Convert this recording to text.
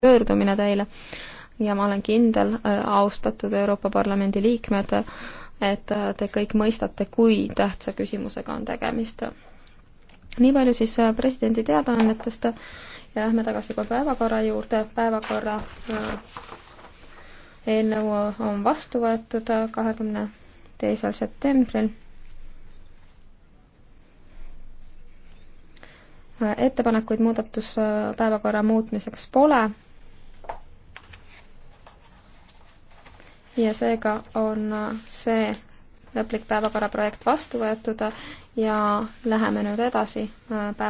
pöördumine teile ja ma olen kindel, äh, austatud Euroopa Parlamendi liikmed, et äh, te kõik mõistate, kui tähtsa küsimusega on tegemist. nii palju siis äh, presidendi teadaannetest ja lähme tagasi juba päevakorra juurde. päevakorra eelnõu on vastu võetud kahekümne teisel septembril. ettepanekuid muudatus päevakorra muutmiseks pole ja seega on äh, see lõplik päevakorraprojekt vastu võetud äh, ja läheme nüüd edasi äh, päeva